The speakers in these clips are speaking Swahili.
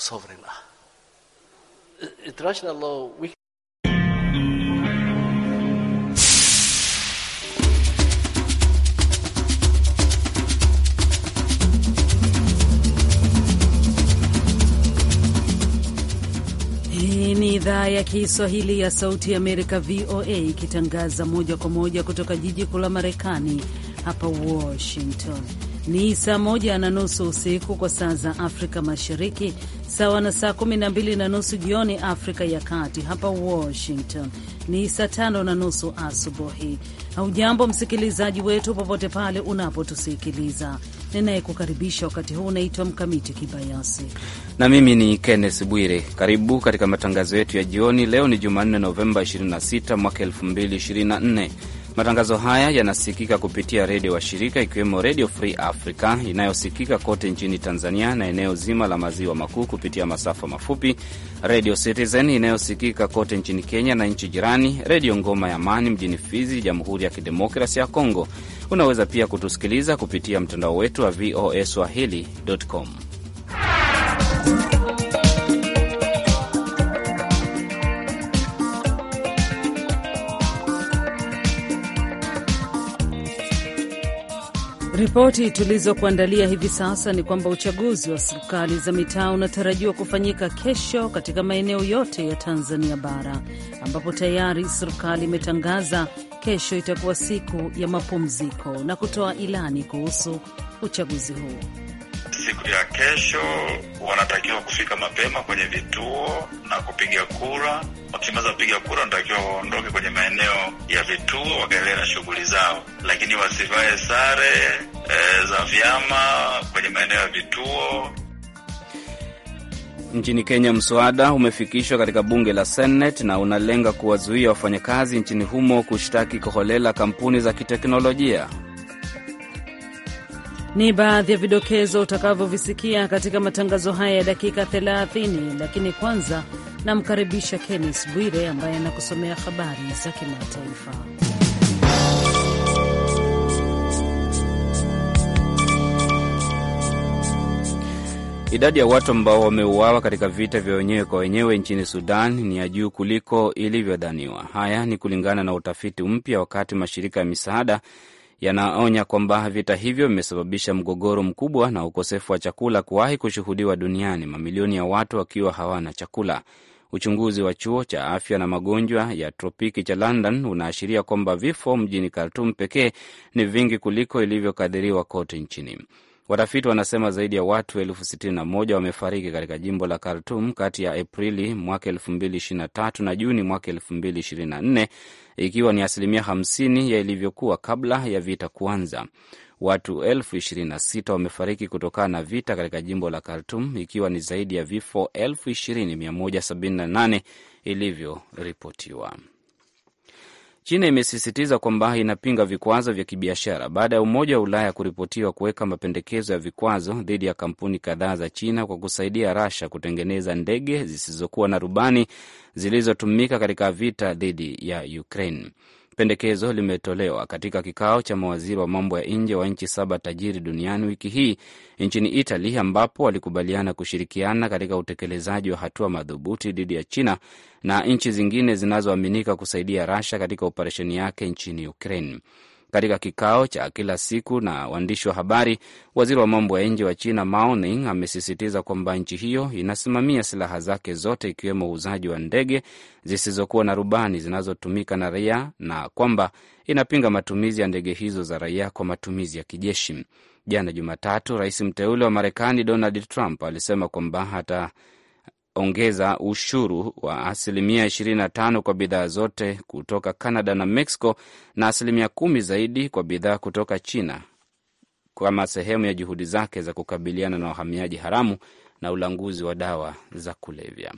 sovereign are. International law we Hii ni idhaa ya Kiswahili ya Sauti ya Amerika, VOA, ikitangaza moja kwa moja kutoka jiji kuu la Marekani, hapa Washington. Ni saa moja na nusu usiku kwa saa za Afrika Mashariki, sawa na saa kumi na mbili na nusu jioni Afrika ya Kati. Hapa Washington ni saa tano na nusu asubuhi. Haujambo msikilizaji wetu, popote pale unapotusikiliza. Ninayekukaribisha wakati huu unaitwa Mkamiti Kibayasi na mimi ni kennes Bwire. Karibu katika matangazo yetu ya jioni. Leo ni Jumanne, Novemba 26 mwaka 2024. Matangazo haya yanasikika kupitia redio washirika ikiwemo Redio Free Africa inayosikika kote nchini Tanzania na eneo zima la maziwa makuu kupitia masafa mafupi, Redio Citizen inayosikika kote nchini Kenya na nchi jirani, Redio Ngoma ya Amani mjini Fizi, Jamhuri ya kidemokrasi ya Kongo. Unaweza pia kutusikiliza kupitia mtandao wetu wa VOA swahili.com. Ripoti tulizokuandalia hivi sasa ni kwamba uchaguzi wa serikali za mitaa unatarajiwa kufanyika kesho katika maeneo yote ya Tanzania bara ambapo tayari serikali imetangaza kesho itakuwa siku ya mapumziko na kutoa ilani kuhusu uchaguzi huu siku ya kesho wanatakiwa kufika mapema kwenye vituo na kupiga kura. Wakimaliza kupiga kura, wanatakiwa waondoke kwenye maeneo ya vituo wakaendelea na shughuli zao, lakini wasivae sare e, za vyama kwenye maeneo ya vituo. Nchini Kenya, mswada umefikishwa katika bunge la Senate na unalenga kuwazuia wafanyakazi nchini humo kushtaki kiholela kampuni za kiteknolojia. Ni baadhi ya vidokezo utakavyovisikia katika matangazo haya ya dakika 30, lakini kwanza namkaribisha Kennis Bwire ambaye anakusomea habari za kimataifa. Idadi ya watu ambao wameuawa katika vita vya wenyewe kwa wenyewe nchini Sudan ni ya juu kuliko ilivyodhaniwa. Haya ni kulingana na utafiti mpya, wakati mashirika ya misaada yanaonya kwamba vita hivyo vimesababisha mgogoro mkubwa na ukosefu wa chakula kuwahi kushuhudiwa duniani, mamilioni ya watu wakiwa hawana chakula. Uchunguzi wa chuo cha afya na magonjwa ya tropiki cha London unaashiria kwamba vifo mjini Khartum pekee ni vingi kuliko ilivyokadhiriwa kote nchini. Watafiti wanasema zaidi ya watu elfu sitini na moja wamefariki katika jimbo la Khartum kati ya Aprili mwaka 2023 na Juni mwaka 2024, ikiwa ni asilimia 50 ya ilivyokuwa kabla ya vita kuanza. Watu elfu ishirini na sita wamefariki kutokana na vita katika jimbo la Khartum, ikiwa ni zaidi ya vifo elfu ishirini mia moja sabini na nane China imesisitiza kwamba inapinga vikwazo vya kibiashara baada ya Umoja wa Ulaya kuripotiwa kuweka mapendekezo ya vikwazo dhidi ya kampuni kadhaa za China kwa kusaidia Rasha kutengeneza ndege zisizokuwa na rubani zilizotumika katika vita dhidi ya Ukraine. Pendekezo limetolewa katika kikao cha mawaziri wa mambo ya nje wa nchi saba tajiri duniani wiki hii nchini Italy, ambapo walikubaliana kushirikiana katika utekelezaji wa hatua madhubuti dhidi ya China na nchi zingine zinazoaminika kusaidia Russia katika operesheni yake nchini Ukraine. Katika kikao cha kila siku na waandishi wa habari, waziri wa mambo ya nje wa China Mao Ning amesisitiza kwamba nchi hiyo inasimamia silaha zake zote, ikiwemo uuzaji wa ndege zisizokuwa na rubani zinazotumika na raia na kwamba inapinga matumizi ya ndege hizo za raia kwa matumizi ya kijeshi. Jana Jumatatu, rais mteule wa Marekani Donald Trump alisema kwamba hata ongeza ushuru wa asilimia 25 kwa bidhaa zote kutoka Canada na Mexico na asilimia kumi zaidi kwa bidhaa kutoka China kama sehemu ya juhudi zake za kukabiliana na wahamiaji haramu na ulanguzi wa dawa za kulevya.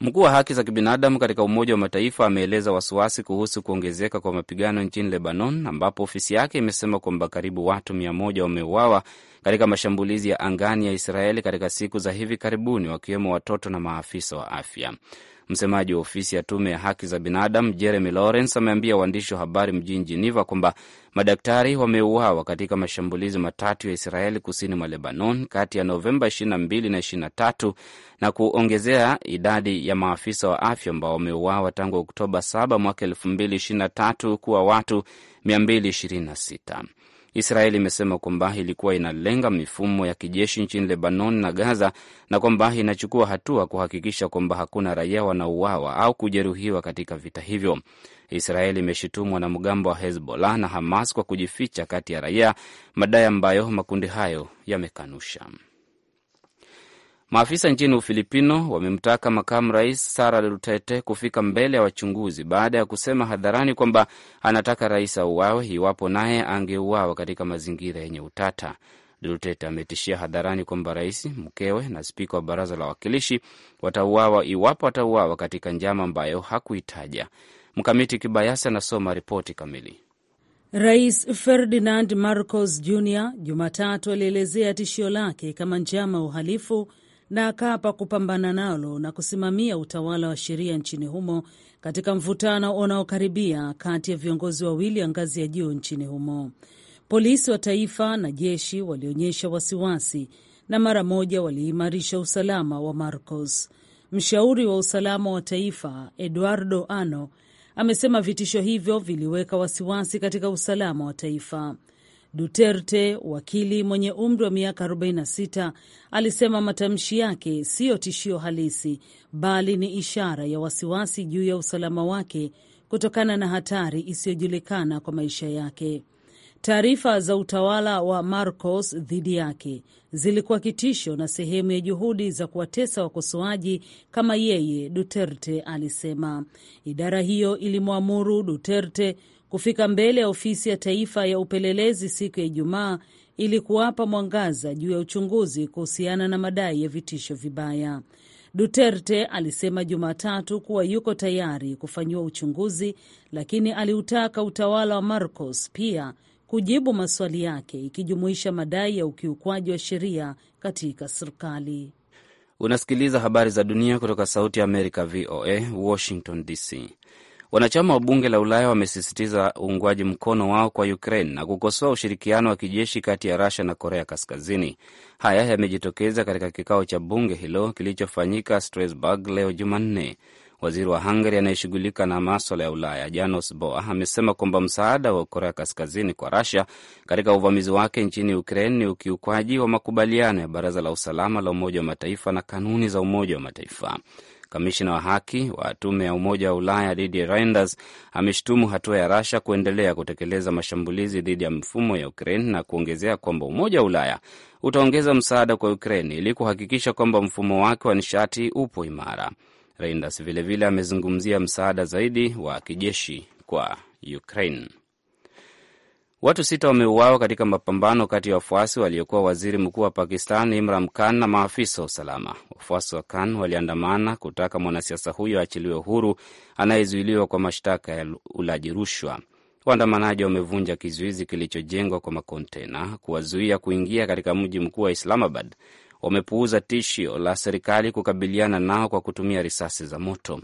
Mkuu wa haki za kibinadamu katika Umoja wa Mataifa ameeleza wasiwasi kuhusu kuongezeka kwa mapigano nchini Lebanon, ambapo ofisi yake imesema kwamba karibu watu mia moja wameuawa katika mashambulizi ya angani ya Israeli katika siku za hivi karibuni, wakiwemo watoto na maafisa wa afya. Msemaji wa ofisi ya tume ya haki za binadamu Jeremy Lawrence ameambia waandishi wa habari mjini Geneva kwamba madaktari wameuawa katika mashambulizi matatu ya Israeli kusini mwa Lebanon kati ya Novemba 22 na 23 na kuongezea idadi ya maafisa wa afya ambao wameuawa tangu Oktoba 7 mwaka 2023 kuwa watu 226 israeli imesema kwamba ilikuwa inalenga mifumo ya kijeshi nchini Lebanon na Gaza na kwamba inachukua hatua kuhakikisha kwamba hakuna raia wanauawa au kujeruhiwa katika vita hivyo. Israeli imeshutumwa wanamgambo wa Hezbollah na Hamas kwa kujificha kati ya raia, madai ambayo makundi hayo yamekanusha. Maafisa nchini Ufilipino wamemtaka makamu rais Sara Duterte kufika mbele ya wa wachunguzi baada ya kusema hadharani kwamba anataka rais auawe iwapo naye angeuawa katika mazingira yenye utata. Duterte ametishia hadharani kwamba rais, mkewe na spika wa baraza la wawakilishi watauawa iwapo atauawa katika njama ambayo hakuitaja. Mkamiti Kibayasi anasoma ripoti kamili. Rais Ferdinand Marcos Jr Jumatatu alielezea tishio lake kama njama ya uhalifu na akaapa kupambana nalo na kusimamia utawala wa sheria nchini humo katika mvutano unaokaribia kati ya viongozi wawili wa ngazi ya juu nchini humo. Polisi wa taifa na jeshi walionyesha wasiwasi na mara moja waliimarisha usalama wa Marcos. Mshauri wa usalama wa taifa Eduardo Ano amesema vitisho hivyo viliweka wasiwasi katika usalama wa taifa. Duterte, wakili mwenye umri wa miaka 46, alisema matamshi yake siyo tishio halisi, bali ni ishara ya wasiwasi juu ya usalama wake kutokana na hatari isiyojulikana kwa maisha yake. Taarifa za utawala wa Marcos dhidi yake zilikuwa kitisho na sehemu ya juhudi za kuwatesa wakosoaji kama yeye, Duterte alisema. Idara hiyo ilimwamuru Duterte kufika mbele ya ofisi ya taifa ya upelelezi siku ya Ijumaa ili kuwapa mwangaza juu ya uchunguzi kuhusiana na madai ya vitisho vibaya. Duterte alisema Jumatatu kuwa yuko tayari kufanyiwa uchunguzi, lakini aliutaka utawala wa Marcos pia kujibu maswali yake, ikijumuisha madai ya ukiukwaji wa sheria katika serikali. Unasikiliza habari za dunia kutoka Sauti ya Amerika, VOA, Washington DC. Wanachama wa bunge la Ulaya wamesisitiza uungwaji mkono wao kwa Ukraine na kukosoa ushirikiano wa kijeshi kati ya Rusia na Korea Kaskazini. Haya yamejitokeza katika kikao cha bunge hilo kilichofanyika Strasbourg leo Jumanne. Waziri wa Hungary anayeshughulika na maswala ya Ulaya, Janos Boa, amesema kwamba msaada wa Korea Kaskazini kwa Rusia katika uvamizi wake nchini Ukraine ni ukiukwaji wa makubaliano ya Baraza la Usalama la Umoja wa Mataifa na kanuni za Umoja wa Mataifa. Kamishina wa haki wa tume ya Umoja wa Ulaya dhidi Reinders ameshutumu hatua ya Rasha kuendelea kutekeleza mashambulizi dhidi ya mfumo ya Ukraine na kuongezea kwamba Umoja wa Ulaya utaongeza msaada kwa Ukraine ili kuhakikisha kwamba mfumo wake wa nishati upo imara. Reinders vilevile amezungumzia msaada zaidi wa kijeshi kwa Ukraine. Watu sita wameuawa katika mapambano kati ya wafuasi waliokuwa waziri mkuu wa Pakistan Imran Khan na maafisa wa usalama. Wafuasi wa Khan waliandamana kutaka mwanasiasa huyo aachiliwe huru anayezuiliwa kwa mashtaka ya ulaji rushwa. Waandamanaji wamevunja kizuizi kilichojengwa kwa makontena kuwazuia kuingia katika mji mkuu wa Islamabad. Wamepuuza tishio la serikali kukabiliana nao kwa kutumia risasi za moto.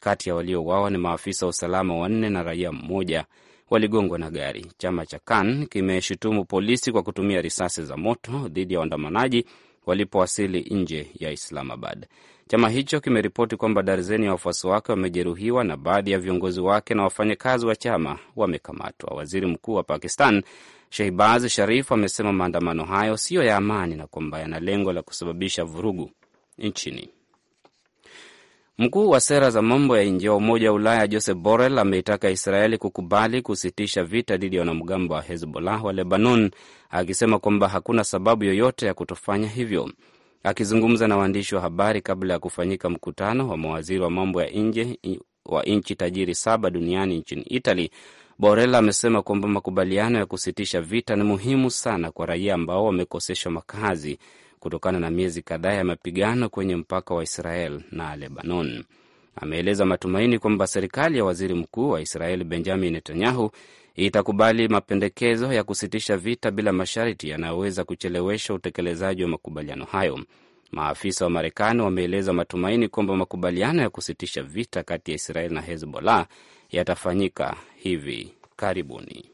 Kati ya waliouawa ni maafisa wa usalama wanne na raia mmoja waligongwa na gari. Chama cha KAN kimeshutumu polisi kwa kutumia risasi za moto dhidi ya waandamanaji walipowasili nje ya Islamabad. Chama hicho kimeripoti kwamba darzeni ya wafuasi wake wamejeruhiwa na baadhi ya viongozi wake na wafanyakazi wa chama wamekamatwa. Waziri Mkuu wa Pakistan Shehbaz Sharif amesema maandamano hayo siyo ya amani na kwamba yana lengo la kusababisha vurugu nchini. Mkuu wa sera za mambo ya nje wa Umoja wa Ulaya Joseph Borrell ameitaka Israeli kukubali kusitisha vita dhidi ya wanamgambo wa Hezbollah wa Lebanon, akisema kwamba hakuna sababu yoyote ya kutofanya hivyo. Akizungumza na waandishi wa habari kabla ya kufanyika mkutano wa mawaziri wa mambo ya nje wa nchi tajiri saba duniani nchini Italy, Borrell amesema kwamba makubaliano ya kusitisha vita ni muhimu sana kwa raia ambao wamekoseshwa makazi kutokana na miezi kadhaa ya mapigano kwenye mpaka wa Israel na Lebanon. Ameeleza matumaini kwamba serikali ya waziri mkuu wa Israel Benjamin Netanyahu itakubali mapendekezo ya kusitisha vita bila masharti yanayoweza kuchelewesha utekelezaji wa makubaliano hayo. Maafisa wa Marekani wameeleza matumaini kwamba makubaliano ya kusitisha vita kati ya Israel na Hezbollah yatafanyika hivi karibuni.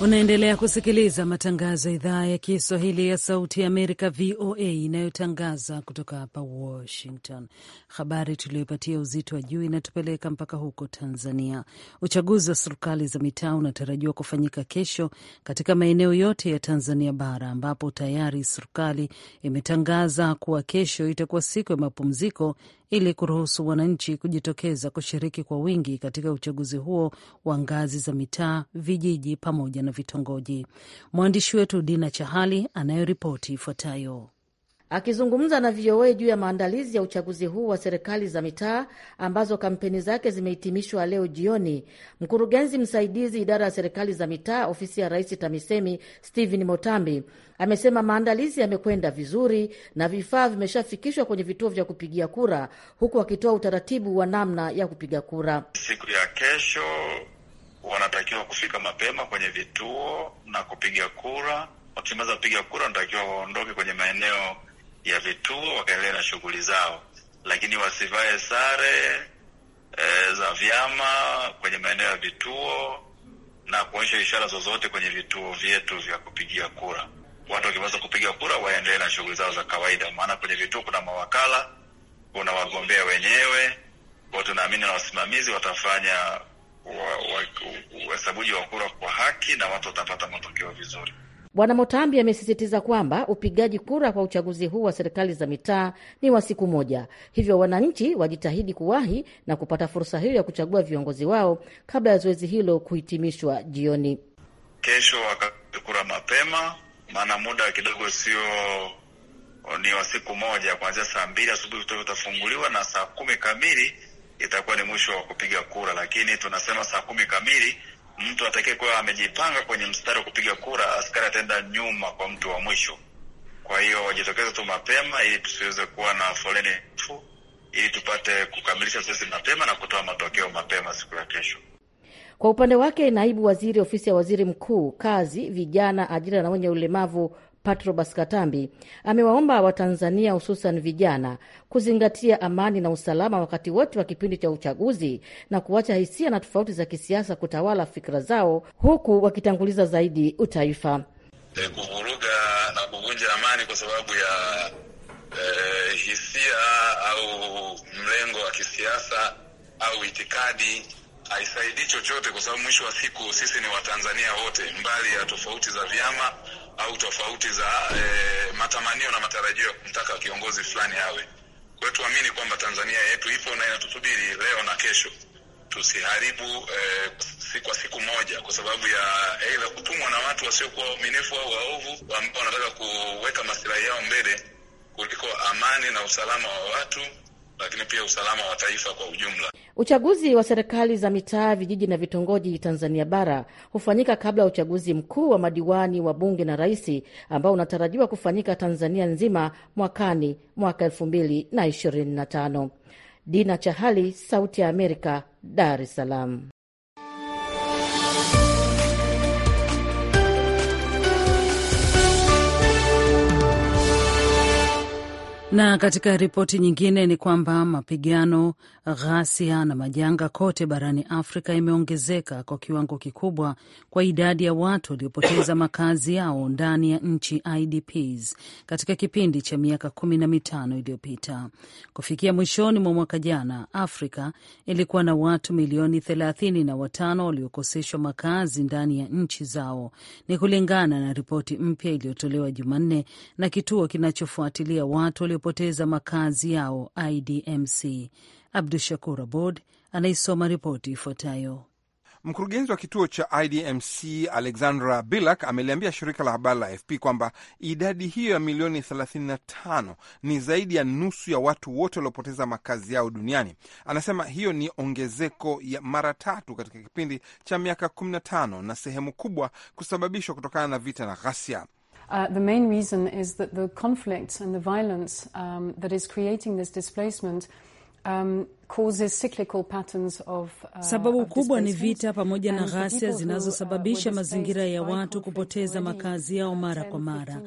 Unaendelea kusikiliza matangazo ya idhaa ya Kiswahili ya Sauti ya Amerika, VOA, inayotangaza kutoka hapa Washington. Habari tuliyopatia uzito wa juu inatupeleka mpaka huko Tanzania. Uchaguzi wa serikali za mitaa unatarajiwa kufanyika kesho katika maeneo yote ya Tanzania Bara, ambapo tayari serikali imetangaza kuwa kesho itakuwa siku ya mapumziko ili kuruhusu wananchi kujitokeza kushiriki kwa wingi katika uchaguzi huo wa ngazi za mitaa, vijiji pamoja na vitongoji. Mwandishi wetu Dina Chahali anayeripoti ifuatayo. Akizungumza na VOA juu ya maandalizi ya uchaguzi huu wa serikali za mitaa ambazo kampeni zake zimehitimishwa leo jioni, mkurugenzi msaidizi idara ya serikali za mitaa ofisi ya Rais TAMISEMI Stephen Motambi amesema maandalizi yamekwenda vizuri na vifaa vimeshafikishwa kwenye vituo vya kupigia kura, huku akitoa utaratibu wa namna ya kupiga kura siku ya kesho. Wanatakiwa kufika mapema kwenye vituo na kupiga kura. Wakimaliza kupiga kura, wanatakiwa waondoke kwenye maeneo ya vituo wakaendelea na shughuli zao, lakini wasivae sare e, za vyama kwenye maeneo ya vituo na kuonyesha ishara zozote kwenye vituo vyetu vya kupigia kura. Watu wakiweza kupiga kura waendelee na shughuli zao za kawaida, maana kwenye vituo kuna mawakala, kuna wagombea wenyewe kwao. Tunaamini na wasimamizi watafanya uhesabuji wa, wa, wa, wa kura kwa haki na watu watapata matokeo vizuri. Bwana Motambi amesisitiza kwamba upigaji kura kwa uchaguzi huu wa serikali za mitaa ni wa siku moja, hivyo wananchi wajitahidi kuwahi na kupata fursa hiyo ya kuchagua viongozi wao kabla ya zoezi hilo kuhitimishwa jioni kesho. Wakapige kura mapema, maana muda kidogo sio ni wa siku moja, kuanzia saa mbili asubuhi vituo vitafunguliwa na saa kumi kamili itakuwa ni mwisho wa kupiga kura, lakini tunasema saa kumi kamili mtu atakayekuwa kuwa amejipanga kwenye mstari wa kupiga kura, askari ataenda nyuma kwa mtu wa mwisho. Kwa hiyo wajitokeze tu mapema, ili tusiweze kuwa na foleni ndefu, ili tupate kukamilisha zoezi mapema na kutoa matokeo mapema siku ya kesho. Kwa upande wake, naibu waziri ofisi ya waziri mkuu, kazi, vijana, ajira na wenye ulemavu Patrobas Katambi amewaomba Watanzania hususan vijana kuzingatia amani na usalama wakati wote wa kipindi cha uchaguzi na kuacha hisia na tofauti za kisiasa kutawala fikra zao, huku wakitanguliza zaidi utaifa. E, kuvuruga na kuvunja amani kwa sababu ya e, hisia au mlengo wa kisiasa au itikadi haisaidii chochote, kwa sababu mwisho wa siku sisi ni Watanzania wote, mbali ya tofauti za vyama au tofauti za e, matamanio na matarajio ya kumtaka kiongozi fulani awe. Kwa hiyo tuamini kwamba Tanzania yetu ipo na inatusubiri leo na kesho. Tusiharibu e, si kwa siku moja, kwa sababu ya aidha kutumwa na watu wasiokuwa waaminifu au waovu ambao wanataka kuweka masilahi yao mbele kuliko amani na usalama wa watu, lakini pia usalama wa taifa kwa ujumla. Uchaguzi wa serikali za mitaa, vijiji na vitongoji Tanzania bara hufanyika kabla ya uchaguzi mkuu wa madiwani wa bunge na rais ambao unatarajiwa kufanyika Tanzania nzima mwakani mwaka elfu mbili na ishirini na tano. Dina Chahali, Sauti ya Amerika, Dar es Salaam. Na katika ripoti nyingine ni kwamba mapigano, ghasia na majanga kote barani Afrika imeongezeka kwa kiwango kikubwa kwa idadi ya watu waliopoteza makazi yao ndani ya nchi IDPs katika kipindi cha miaka kumi na mitano iliyopita. Kufikia mwishoni mwa mwaka jana, Afrika ilikuwa na watu milioni thelathini na watano waliokoseshwa makazi ndani ya nchi zao, ni kulingana na ripoti mpya iliyotolewa Jumanne na kituo kinachofuatilia watu waliopoteza makazi yao IDMC. Abdu Shakur Abod anaisoma ripoti ifuatayo. Mkurugenzi wa kituo cha IDMC Alexandra Bilak ameliambia shirika la habari la AFP kwamba idadi hiyo ya milioni 35 ni zaidi ya nusu ya watu wote waliopoteza makazi yao duniani. Anasema hiyo ni ongezeko ya mara tatu katika kipindi cha miaka 15 na sehemu kubwa kusababishwa kutokana na vita na ghasia. Uh, the main reason is that the conflict and the violence um, that is creating this displacement um, causes cyclical patterns of, uh, sababu kubwa ni vita pamoja na ghasia zinazosababisha mazingira ya watu kupoteza makazi yao mara kwa mara,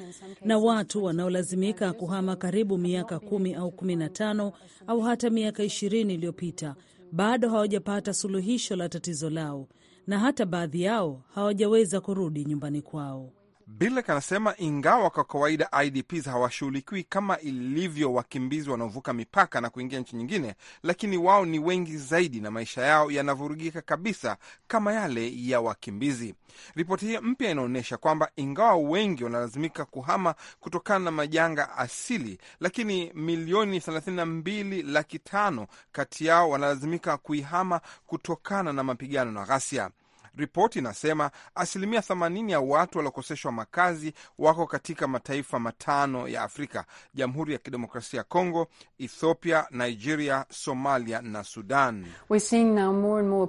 na watu wanaolazimika kuhama karibu miaka kumi au kumi na tano au hata miaka ishirini iliyopita bado hawajapata suluhisho la tatizo lao, na hata baadhi yao hawajaweza kurudi nyumbani kwao. Bilek anasema ingawa kwa kawaida IDPs hawashughulikiwi kama ilivyo wakimbizi wanaovuka mipaka na kuingia nchi nyingine, lakini wao ni wengi zaidi na maisha yao yanavurugika kabisa kama yale ya wakimbizi. Ripoti hii mpya inaonyesha kwamba ingawa wengi wanalazimika kuhama kutokana na majanga asili, lakini milioni 32 laki tano kati yao wanalazimika kuihama kutokana na mapigano na ghasia. Ripoti inasema asilimia 80 ya watu waliokoseshwa makazi wako katika mataifa matano ya Afrika: Jamhuri ya Kidemokrasia ya Kongo, Ethiopia, Nigeria, Somalia na Sudan. Uh,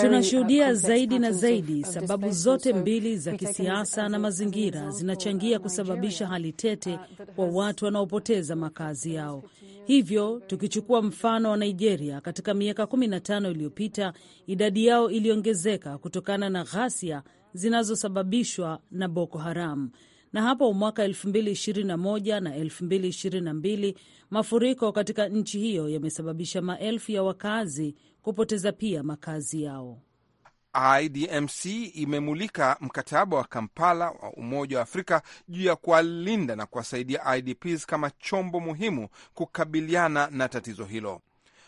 Tunashuhudia zaidi na zaidi sababu zote mbili za kisiasa na mazingira zinachangia kusababisha hali uh, tete kwa watu wanaopoteza makazi yao. Hivyo tukichukua mfano wa Nigeria, katika miaka 15 iliyopita idadi yao iliongezeka kutokana na ghasia zinazosababishwa na Boko Haram na hapo mwaka 2021 na 2022 mafuriko katika nchi hiyo yamesababisha maelfu ya wakazi kupoteza pia makazi yao. IDMC imemulika mkataba wa Kampala wa Umoja wa Afrika juu ya kuwalinda na kuwasaidia IDPs kama chombo muhimu kukabiliana na tatizo hilo.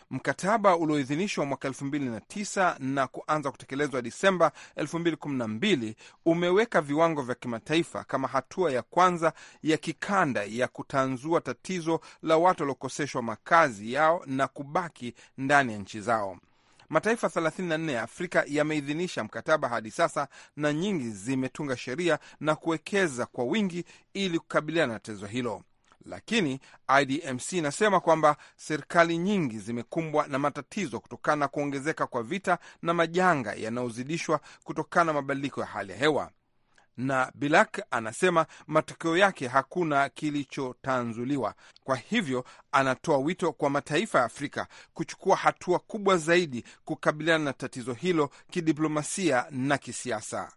Mkataba ulioidhinishwa mwaka 2009 na kuanza kutekelezwa Disemba 2012 umeweka viwango vya kimataifa kama hatua ya kwanza ya kikanda ya kutanzua tatizo la watu waliokoseshwa makazi yao na kubaki ndani ya nchi zao. Mataifa 34 ya Afrika yameidhinisha mkataba hadi sasa na nyingi zimetunga sheria na kuwekeza kwa wingi ili kukabiliana na tatizo hilo. Lakini IDMC inasema kwamba serikali nyingi zimekumbwa na matatizo kutokana na kuongezeka kwa vita na majanga yanayozidishwa kutokana na mabadiliko ya hali ya hewa na Bilak anasema matokeo yake hakuna kilichotanzuliwa. Kwa hivyo anatoa wito kwa mataifa ya Afrika kuchukua hatua kubwa zaidi kukabiliana na tatizo hilo kidiplomasia na kisiasa.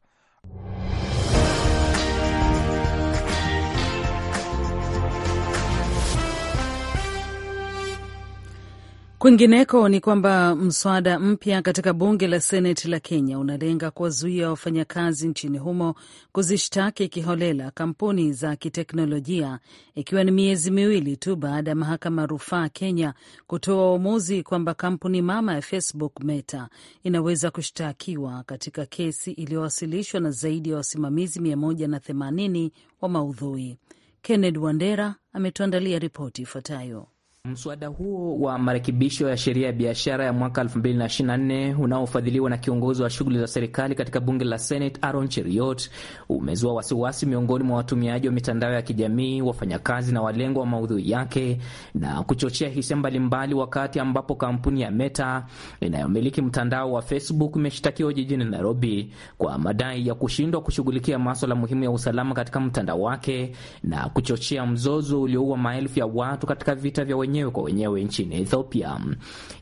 Kwingineko ni kwamba mswada mpya katika bunge la seneti la Kenya unalenga kuwazuia wafanyakazi nchini humo kuzishtaki kiholela kampuni za kiteknolojia, ikiwa ni miezi miwili tu baada ya mahakama rufaa Kenya kutoa uamuzi kwamba kampuni mama ya Facebook Meta inaweza kushtakiwa katika kesi iliyowasilishwa na zaidi ya wa wasimamizi 180 wa maudhui. Kenneth Wandera ametuandalia ripoti ifuatayo. Mswada huo wa marekebisho ya sheria ya biashara ya mwaka 2024 unaofadhiliwa na kiongozi wa shughuli za serikali katika bunge la Senate Aaron Cheriot umezua wasiwasi miongoni mwa watumiaji wa mitandao ya kijamii, wafanyakazi na walengwa wa maudhui yake na kuchochea hisia mbalimbali, wakati ambapo kampuni ya Meta inayomiliki mtandao wa Facebook imeshtakiwa jijini Nairobi kwa madai ya kushindwa kushughulikia maswala muhimu ya usalama katika mtandao wake na kuchochea mzozo ulioua maelfu ya watu katika vita vya wenyewe kwa wenyewe nchini Ethiopia.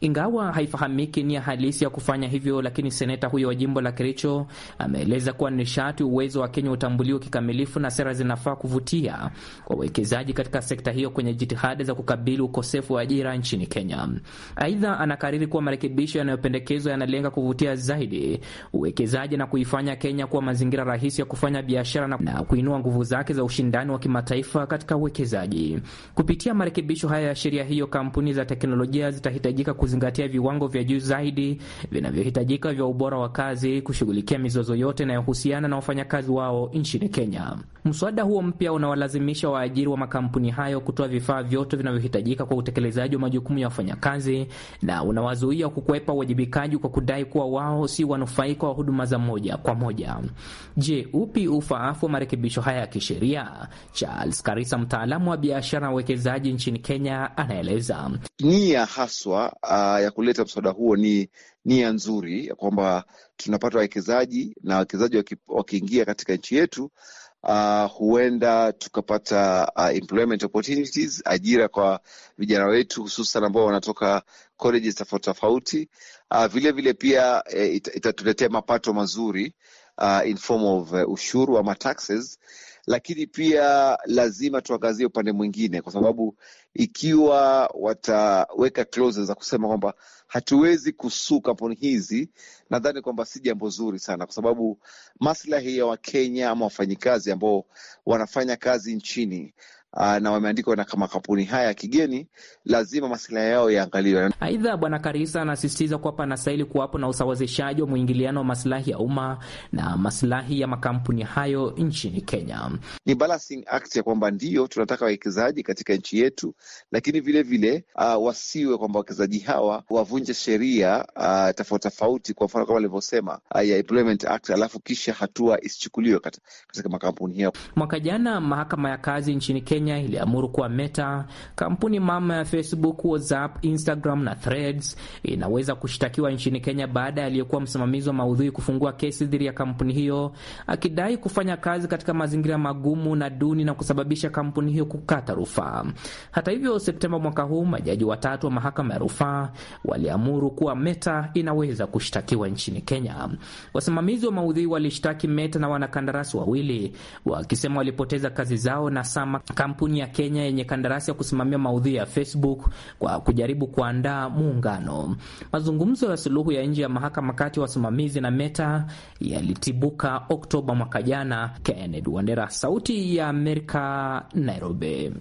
Ingawa haifahamiki nia halisi ya kufanya hivyo, lakini seneta huyo wa jimbo la Kericho ameeleza kuwa nishati, uwezo wa Kenya utambuliwe kikamilifu na sera zinafaa kuvutia wawekezaji katika sekta hiyo kwenye jitihada za kukabili ukosefu wa ajira nchini Kenya. Aidha, anakariri kuwa marekebisho yanayopendekezwa yanalenga kuvutia zaidi uwekezaji na kuifanya Kenya kuwa mazingira rahisi ya kufanya biashara na kuinua nguvu zake za ushindani wa kimataifa katika uwekezaji kupitia marekebisho haya ya sheria sheria hiyo, kampuni za teknolojia zitahitajika kuzingatia viwango vya juu zaidi vinavyohitajika vya ubora wa kazi kushughulikia mizozo yote inayohusiana na wafanyakazi wao nchini Kenya. Mswada huo mpya unawalazimisha waajiri wa makampuni hayo kutoa vifaa vyote vinavyohitajika kwa utekelezaji wa majukumu ya wafanyakazi na unawazuia kukwepa uwajibikaji kwa kudai kuwa wao si wanufaika wa huduma za moja kwa moja. Je, upi ufaafu wa marekebisho haya ya kisheria? Charles Karisa, mtaalamu wa biashara na uwekezaji nchini Kenya anaeleza nia haswa uh, ya kuleta mswada huo ni nia nzuri ya kwamba tunapata wawekezaji na wawekezaji wakiingia katika nchi yetu Uh, huenda tukapata uh, employment opportunities, ajira kwa vijana wetu hususan ambao wanatoka colleges tofauti tofauti. Uh, vilevile pia eh, itatuletea mapato mazuri uh, in form of uh, ushuru ama taxes lakini pia lazima tuangazie upande mwingine, kwa sababu ikiwa wataweka clauses za kusema kwamba hatuwezi kusuu kampuni hizi, nadhani kwamba si jambo zuri sana, kwa sababu maslahi ya Wakenya ama wafanyikazi ambao wanafanya kazi nchini Ah, na wameandikwa na kama kampuni haya ya kigeni, lazima masilahi yao yaangaliwe. Aidha, Bwana Karisa anasisitiza kuwa panastahili kuwapo na usawazishaji wa mwingiliano wa masilahi ya umma na masilahi ya makampuni hayo nchini Kenya. Ni balancing act ya kwamba ndiyo tunataka wawekezaji katika nchi yetu, lakini vilevile vile, uh, wasiwe kwamba wawekezaji hawa wavunje sheria uh, tofauti tofauti, kwa mfano kama alivyosema uh, ya Employment Act, alafu kisha hatua isichukuliwe katika makampuni hayo. Mwaka jana mahakama ya kazi nchini Kenya Kenya iliamuru kuwa Meta, kampuni mama ya Facebook, WhatsApp, Instagram na Threads, inaweza kushtakiwa nchini Kenya baada ya aliyekuwa msimamizi wa maudhui kufungua kesi dhidi ya kampuni hiyo akidai kufanya kazi katika mazingira magumu na duni na kusababisha kampuni hiyo kukata rufaa. Hata hivyo, Septemba mwaka huu majaji watatu wa mahakama ya rufaa waliamuru kuwa Meta inaweza kushtakiwa nchini Kenya. Wasimamizi wa maudhui walishtaki Meta na wanakandarasi wawili wakisema walipoteza kazi zao na sama kampuni ya Kenya yenye kandarasi ya kusimamia maudhui ya Facebook kwa kujaribu kuandaa muungano. Mazungumzo ya suluhu ya nje ya mahakama kati ya wasimamizi na Meta yalitibuka Oktoba mwaka jana. Kennedy Wandera, Sauti ya Amerika, Nairobi.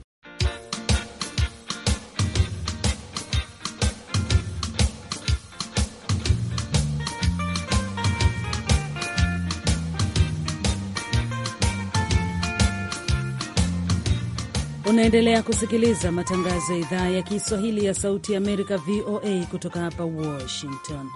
Unaendelea kusikiliza matangazo ya idhaa ya Kiswahili ya Sauti ya Amerika, VOA, kutoka hapa Washington.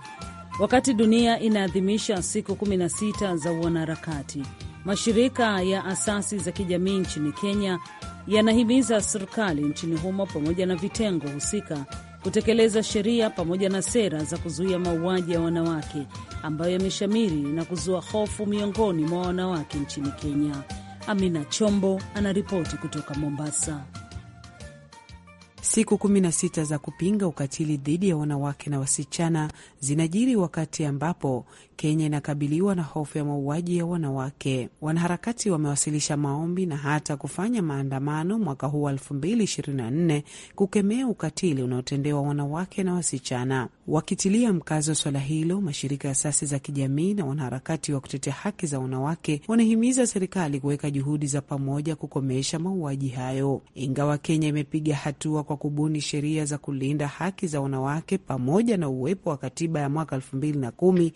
Wakati dunia inaadhimisha siku 16 za uanaharakati, mashirika ya asasi za kijamii nchini Kenya yanahimiza serikali nchini humo pamoja na vitengo husika kutekeleza sheria pamoja na sera za kuzuia mauaji ya wanawake ambayo yameshamiri na kuzua hofu miongoni mwa wanawake nchini Kenya. Amina Chombo anaripoti kutoka Mombasa. Siku 16 za kupinga ukatili dhidi ya wanawake na wasichana zinajiri wakati ambapo Kenya inakabiliwa na hofu ya mauaji ya wanawake. Wanaharakati wamewasilisha maombi na hata kufanya maandamano mwaka huu wa 2024 kukemea ukatili unaotendewa wanawake na wasichana. Wakitilia mkazo swala hilo, mashirika ya asasi za kijamii na wanaharakati wa kutetea haki za wanawake wanahimiza serikali kuweka juhudi za pamoja kukomesha mauaji hayo. Ingawa Kenya imepiga hatua kwa kubuni sheria za kulinda haki za wanawake pamoja na uwepo wa katiba ya mwaka 2010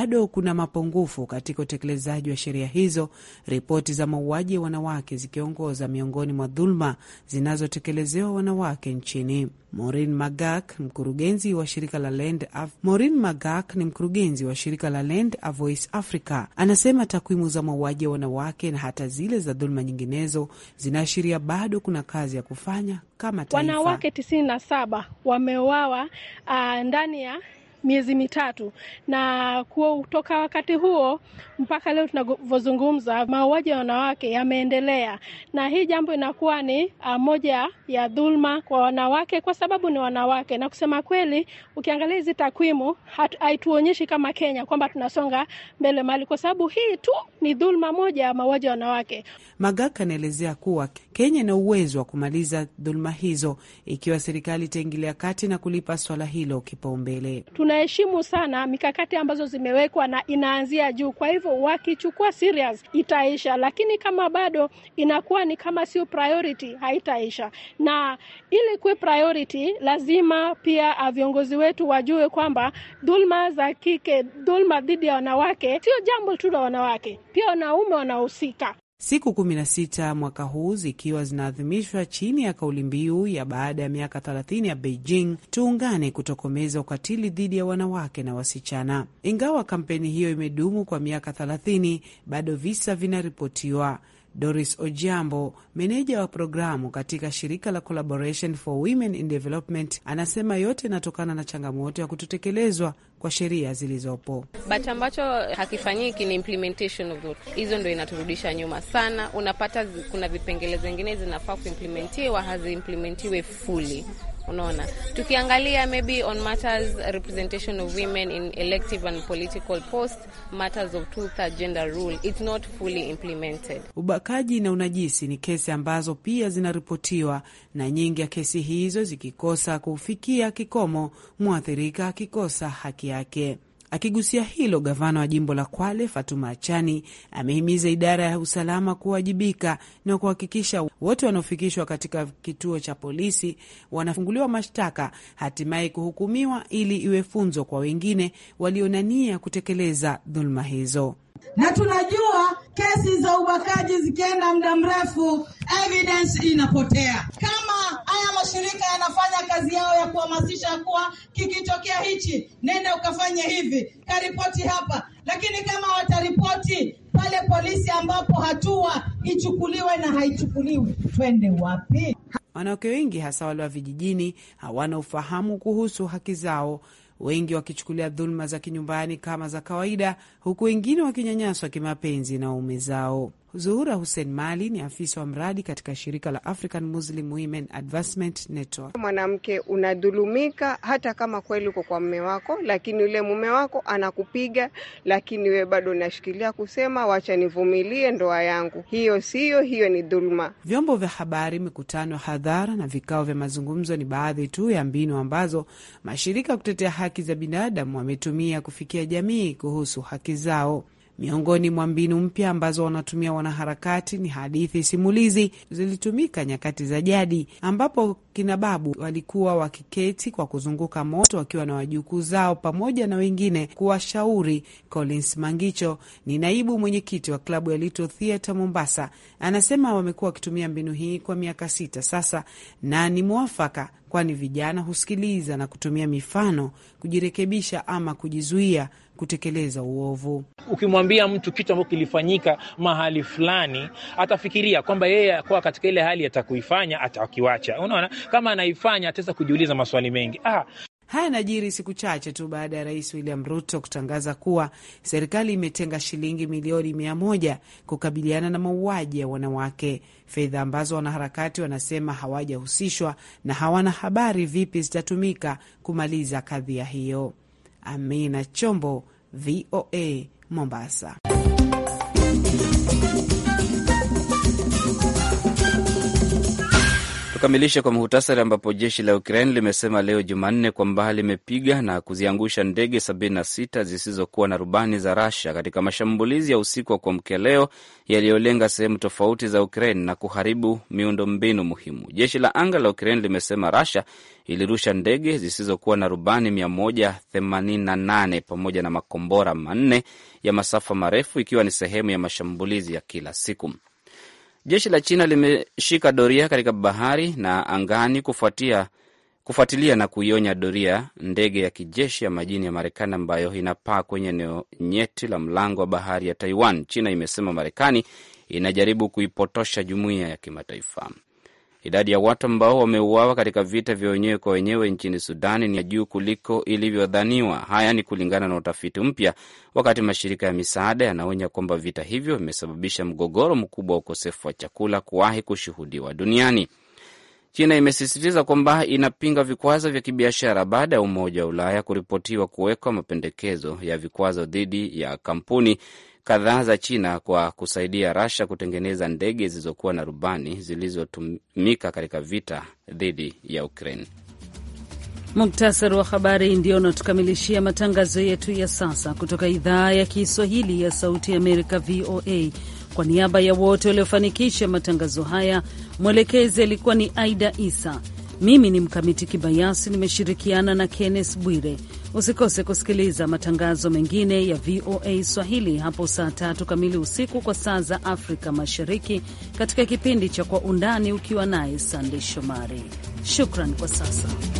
bado kuna mapungufu katika utekelezaji wa sheria hizo, ripoti za mauaji ya wanawake zikiongoza miongoni mwa dhuluma zinazotekelezewa wanawake nchini. Maureen Magak, mkurugenzi wa shirika la Land Af Maureen Magak ni mkurugenzi wa shirika la Land A Voice Africa, anasema takwimu za mauaji ya wanawake na hata zile za dhuluma nyinginezo zinaashiria bado kuna kazi ya kufanya kama taifa. Wanawake tisini na saba wameuawa uh, ah, ndani ya miezi mitatu, na kutoka wakati huo mpaka leo tunavyozungumza, mauaji ya wanawake yameendelea, na hii jambo inakuwa ni ah, moja ya dhulma kwa wanawake, kwa sababu ni wanawake. Na kusema kweli, ukiangalia hizi takwimu haituonyeshi kama Kenya kwamba tunasonga mbele mali, kwa sababu hii tu ni dhulma moja ya mauaji ya wanawake. Magaka anaelezea kuwa Kenya ina uwezo wa kumaliza dhuluma hizo ikiwa serikali itaingilia kati na kulipa swala hilo kipaumbele. Tunaheshimu sana mikakati ambazo zimewekwa na inaanzia juu, kwa hivyo wakichukua serious itaisha, lakini kama bado inakuwa ni kama sio priority, haitaisha. Na ili kuwe priority, lazima pia ah, viongozi wetu wajue kwamba dhuluma za kike, dhuluma dhidi ya wanawake sio jambo tu la wanawake, pia wanaume wanahusika siku 16 mwaka huu zikiwa zinaadhimishwa chini ya kauli mbiu ya baada ya miaka 30 ya Beijing, tuungane kutokomeza ukatili dhidi ya wanawake na wasichana. Ingawa kampeni hiyo imedumu kwa miaka 30, bado visa vinaripotiwa. Doris Ojiambo, meneja wa programu katika shirika la Collaboration for Women in Development, anasema yote inatokana na changamoto ya kutotekelezwa kwa sheria zilizopo, but ambacho hakifanyiki ni implementation of those. Hizo ndo inaturudisha nyuma sana. Unapata kuna vipengele zingine zinafaa kuimplementiwa haziimplementiwe fully. Unaona, tukiangalia maybe on matters representation of women in elective and political posts, matters of two-third gender rule it's not fully implemented. Ubakaji na unajisi ni kesi ambazo pia zinaripotiwa na nyingi ya kesi hizo zikikosa kufikia kikomo, mwathirika akikosa haki yake. Akigusia hilo, gavana wa jimbo la Kwale Fatuma Achani amehimiza idara ya usalama kuwajibika na kuhakikisha wote wanaofikishwa katika kituo cha polisi wanafunguliwa mashtaka, hatimaye kuhukumiwa, ili iwe funzo kwa wengine walionania kutekeleza dhuluma hizo. Na tunajua kesi za ubakaji zikienda muda mrefu, evidence inapotea kama haya mashirika yanafanya kazi yao ya kuhamasisha kuwa kikitokea hichi, nenda ukafanye hivi, karipoti hapa. Lakini kama wataripoti pale polisi, ambapo hatua ichukuliwe na haichukuliwe, twende wapi? Wanawake wengi hasa wale wa vijijini hawana ufahamu kuhusu haki zao, wengi wakichukulia dhuluma za kinyumbani kama za kawaida, huku wengine wakinyanyaswa kimapenzi na waume zao. Zuhura Hussein Mali ni afisa wa mradi katika shirika la African Muslim Women Advancement Network. Mwanamke, unadhulumika hata kama kweli uko kwa mume wako, lakini yule mume wako anakupiga, lakini wewe bado unashikilia kusema wacha nivumilie ndoa yangu. Hiyo siyo, hiyo ni dhuluma. Vyombo vya habari, mikutano ya hadhara na vikao vya mazungumzo ni baadhi tu ya mbinu ambazo mashirika ya kutetea haki za binadamu wametumia kufikia jamii kuhusu haki zao. Miongoni mwa mbinu mpya ambazo wanatumia wanaharakati ni hadithi simulizi, zilitumika nyakati za jadi, ambapo kina babu walikuwa wakiketi kwa kuzunguka moto wakiwa na wajukuu zao pamoja na wengine kuwashauri. Collins Mangicho ni naibu mwenyekiti wa klabu ya Little Theatre Mombasa, anasema wamekuwa wakitumia mbinu hii kwa miaka sita sasa na ni mwafaka kwani vijana husikiliza na kutumia mifano kujirekebisha ama kujizuia kutekeleza uovu. Ukimwambia mtu kitu ambacho kilifanyika mahali fulani, atafikiria kwamba yeye akuwa katika ile hali atakuifanya, atakiwacha. Unaona, kama anaifanya ataweza kujiuliza maswali mengi. Ah, Haya najiri siku chache tu baada ya Rais William Ruto kutangaza kuwa serikali imetenga shilingi milioni mia moja kukabiliana na mauaji ya wanawake, fedha ambazo wanaharakati wanasema hawajahusishwa na hawana habari vipi zitatumika kumaliza kadhia hiyo. Amina Chombo, VOA Mombasa. Tukamilishe kwa muhtasari ambapo jeshi la Ukraine limesema leo Jumanne kwamba limepiga na kuziangusha ndege 76 zisizokuwa na rubani za Russia katika mashambulizi ya usiku wa kuamkia leo yaliyolenga sehemu tofauti za Ukraine na kuharibu miundombinu muhimu. Jeshi la anga la Ukraine limesema Russia ilirusha ndege zisizokuwa na rubani 188 pamoja na makombora manne ya masafa marefu ikiwa ni sehemu ya mashambulizi ya kila siku. Jeshi la China limeshika doria katika bahari na angani kufuatia kufuatilia na kuionya doria ndege ya kijeshi ya majini ya Marekani ambayo inapaa kwenye eneo nyeti la mlango wa bahari ya Taiwan. China imesema Marekani inajaribu kuipotosha jumuiya ya kimataifa. Idadi ya watu ambao wameuawa katika vita vya wenyewe kwa wenyewe nchini Sudani ni ya juu kuliko ilivyodhaniwa. Haya ni kulingana na utafiti mpya, wakati mashirika ya misaada yanaonya kwamba vita hivyo vimesababisha mgogoro mkubwa wa ukosefu wa chakula kuwahi kushuhudiwa duniani. China imesisitiza kwamba inapinga vikwazo vya kibiashara baada ya Umoja wa Ulaya kuripotiwa kuwekwa mapendekezo ya vikwazo dhidi ya kampuni kadhaa za China kwa kusaidia Rasha kutengeneza ndege zilizokuwa na rubani zilizotumika katika vita dhidi ya Ukraine. Muktasari wa habari ndio unatukamilishia matangazo yetu ya sasa kutoka idhaa ya Kiswahili ya Sauti Amerika, VOA. Kwa niaba ya wote waliofanikisha matangazo haya, mwelekezi alikuwa ni Aida Isa. Mimi ni Mkamiti Kibayasi, nimeshirikiana na Kennes Bwire. Usikose kusikiliza matangazo mengine ya VOA Swahili hapo saa tatu kamili usiku kwa saa za Afrika Mashariki, katika kipindi cha Kwa Undani ukiwa naye Sandey Shomari. Shukran kwa sasa.